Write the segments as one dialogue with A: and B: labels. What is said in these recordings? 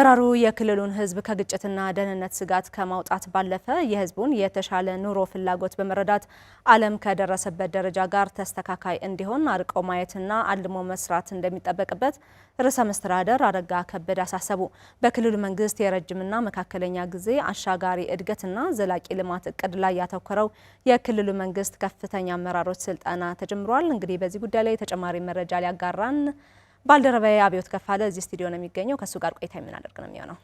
A: አመራሩ የክልሉን ህዝብ ከግጭትና ደህንነት ስጋት ከማውጣት ባለፈ የህዝቡን የተሻለ ኑሮ ፍላጎት በመረዳት ዓለም ከደረሰበት ደረጃ ጋር ተስተካካይ እንዲሆን አርቆ ማየትና አልሞ መስራት እንደሚጠበቅበት ርዕሰ መስተዳደር አረጋ ከበደ አሳሰቡ። በክልሉ መንግስት የረጅምና መካከለኛ ጊዜ አሻጋሪ እድገትና ዘላቂ ልማት እቅድ ላይ ያተኮረው የክልሉ መንግስት ከፍተኛ አመራሮች ስልጠና ተጀምሯል። እንግዲህ በዚህ ጉዳይ ላይ ተጨማሪ መረጃ ሊያጋራን ባልደረባዬ አብዮት ከፋለ እዚህ ስቱዲዮ ነው የሚገኘው። ከእሱ ጋር ቆይታ የምናደርግ ነው የሚሆነው።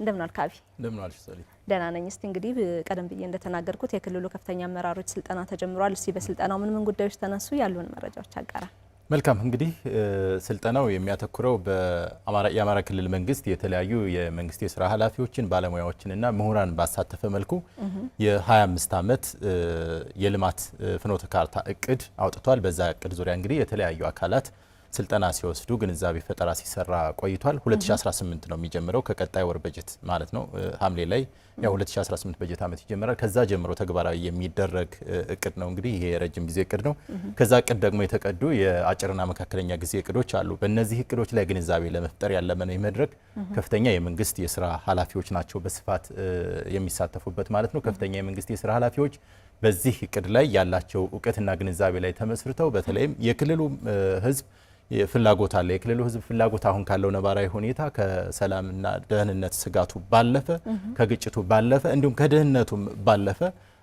A: እንደምን አልክ አቢ?
B: እንደምን አልሽ ሰሊ?
A: ደህና ነኝ። እስቲ እንግዲህ ቀደም ብዬ እንደተናገርኩት የክልሉ ከፍተኛ አመራሮች ስልጠና ተጀምሯል። እስቲ በስልጠናው ምን ምን ጉዳዮች ተነሱ? ያሉን መረጃዎች አጋራ።
B: መልካም እንግዲህ ስልጠናው የሚያተኩረው የአማራ ክልል መንግስት የተለያዩ የመንግስት የስራ ኃላፊዎችን ባለሙያዎችንና ምሁራን ባሳተፈ መልኩ የ25 ዓመት የልማት ፍኖተ ካርታ እቅድ አውጥቷል። በዛ እቅድ ዙሪያ እንግዲህ የተለያዩ አካላት ስልጠና ሲወስዱ ግንዛቤ ፈጠራ ሲሰራ ቆይቷል። 2018 ነው የሚጀምረው ከቀጣይ ወር በጀት ማለት ነው ሐምሌ ላይ ያው 2018 በጀት ዓመት ይጀምራል። ከዛ ጀምሮ ተግባራዊ የሚደረግ እቅድ ነው። እንግዲህ ይሄ የረጅም ጊዜ እቅድ ነው። ከዛ እቅድ ደግሞ የተቀዱ የአጭርና መካከለኛ ጊዜ እቅዶች አሉ። በእነዚህ እቅዶች ላይ ግንዛቤ ለመፍጠር ያለመ ነው ከፍተኛ የመንግስት የስራ ኃላፊዎች ናቸው በስፋት የሚሳተፉበት ማለት ነው። ከፍተኛ የመንግስት የስራ ኃላፊዎች በዚህ እቅድ ላይ ያላቸው እውቀትና ግንዛቤ ላይ ተመስርተው በተለይም የክልሉ ህዝብ ፍላጎት አለ። የክልሉ ህዝብ ፍላጎት አሁን ካለው ነባራዊ ሁኔታ ከሰላምና ደህንነት ስጋቱ ባለፈ ከግጭቱ ባለፈ እንዲሁም ከደህንነቱም ባለፈ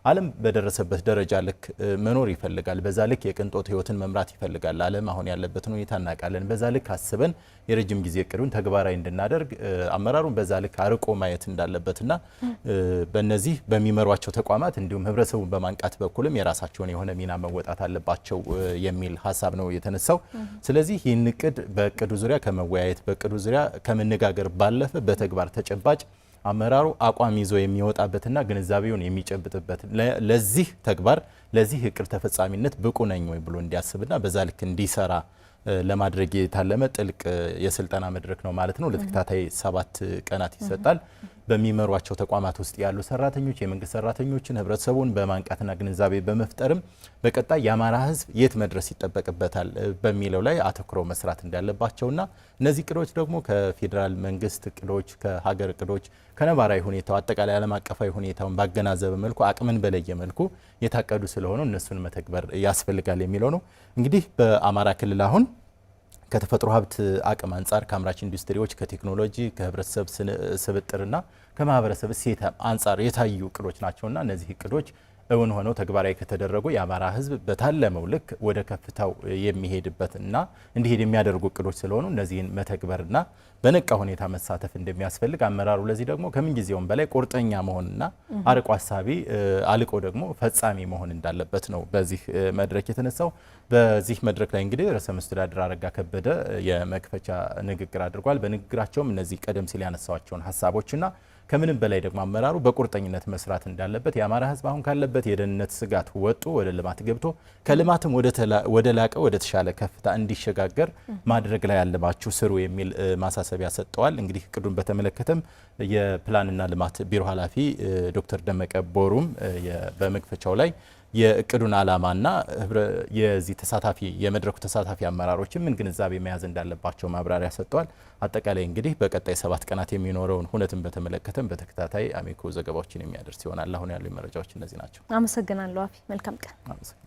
B: ዓለም በደረሰበት ደረጃ ልክ መኖር ይፈልጋል። በዛ ልክ የቅንጦት ህይወትን መምራት ይፈልጋል። ዓለም አሁን ያለበትን ሁኔታ እናውቃለን። በዛ ልክ አስበን የረጅም ጊዜ እቅዱን ተግባራዊ እንድናደርግ አመራሩን በዛ ልክ አርቆ ማየት እንዳለበትና በእነዚህ በሚመሯቸው ተቋማት እንዲሁም ህብረተሰቡን በማንቃት በኩልም የራሳቸውን የሆነ ሚና መወጣት አለባቸው የሚል ሀሳብ ነው የተነሳው። ስለዚህ ይህን እቅድ በእቅዱ ዙሪያ ከመወያየት በእቅዱ ዙሪያ ከመነጋገር ባለፈ በተግባር ተጨባጭ አመራሩ አቋም ይዞ የሚወጣበትና ግንዛቤውን የሚጨብጥበት ለዚህ ተግባር ለዚህ እቅድ ተፈጻሚነት ብቁ ነኝ ወይ ብሎ እንዲያስብና በዛ ልክ እንዲሰራ ለማድረግ የታለመ ጥልቅ የስልጠና መድረክ ነው ማለት ነው። ለተከታታይ ሰባት ቀናት ይሰጣል። በሚመሯቸው ተቋማት ውስጥ ያሉ ሰራተኞች የመንግስት ሰራተኞችን ህብረተሰቡን በማንቃትና ግንዛቤ በመፍጠርም በቀጣይ የአማራ ህዝብ የት መድረስ ይጠበቅበታል በሚለው ላይ አተኩሮ መስራት እንዳለባቸውና እነዚህ እቅዶች ደግሞ ከፌዴራል መንግስት እቅዶች፣ ከሀገር እቅዶች፣ ከነባራዊ ሁኔታው አጠቃላይ ዓለም አቀፋዊ ሁኔታውን ባገናዘበ መልኩ አቅምን በለየ መልኩ የታቀዱ ስለሆኑ እነሱን መተግበር ያስፈልጋል የሚለው ነው። እንግዲህ በአማራ ክልል አሁን ከተፈጥሮ ሀብት አቅም አንጻር ከአምራች ኢንዱስትሪዎች፣ ከቴክኖሎጂ፣ ከህብረተሰብ ስብጥርና ከማህበረሰብ እሴት አንጻር የታዩ እቅዶች ናቸውና እነዚህ እቅዶች እውን ሆነው ተግባራዊ ከተደረጉ የአማራ ህዝብ በታለመው ልክ ወደ ከፍታው የሚሄድበትና እንዲሄድ የሚያደርጉ እቅዶች ስለሆኑ እነዚህን መተግበርና በነቃ ሁኔታ መሳተፍ እንደሚያስፈልግ አመራሩ ለዚህ ደግሞ ከምንጊዜውም በላይ ቁርጠኛ መሆንና አርቆ አሳቢ አልቆ ደግሞ ፈጻሚ መሆን እንዳለበት ነው በዚህ መድረክ የተነሳው። በዚህ መድረክ ላይ እንግዲህ ርዕሰ መስተዳድር አረጋ ከበደ የመክፈቻ ንግግር አድርጓል። በንግግራቸውም እነዚህ ቀደም ሲል ያነሳቸውን ሀሳቦችና ከምንም በላይ ደግሞ አመራሩ በቁርጠኝነት መስራት እንዳለበት የአማራ ህዝብ አሁን ካለበት የደህንነት ስጋት ወጡ ወደ ልማት ገብቶ ከልማትም ወደ ላቀ ወደ ተሻለ ከፍታ እንዲሸጋገር ማድረግ ላይ ያለማችሁ ስሩ የሚል ማሳሰቢያ ሰጥተዋል። እንግዲህ እቅዱን በተመለከተም የፕላንና ልማት ቢሮ ኃላፊ ዶክተር ደመቀ ቦሩም በመክፈቻው ላይ የእቅዱን ዓላማና የዚህ ተሳታፊ የመድረኩ ተሳታፊ አመራሮችን ምን ግንዛቤ መያዝ እንዳለባቸው ማብራሪያ ሰጥተዋል። አጠቃላይ እንግዲህ በቀጣይ ሰባት ቀናት የሚኖረውን ሁነትን በተመለከተም በተከታታይ አሚኮ ዘገባዎችን የሚያደርስ ይሆናል። አሁን ያሉ መረጃዎች እነዚህ ናቸው።
A: አመሰግናለሁ አፊ። መልካም ቀን።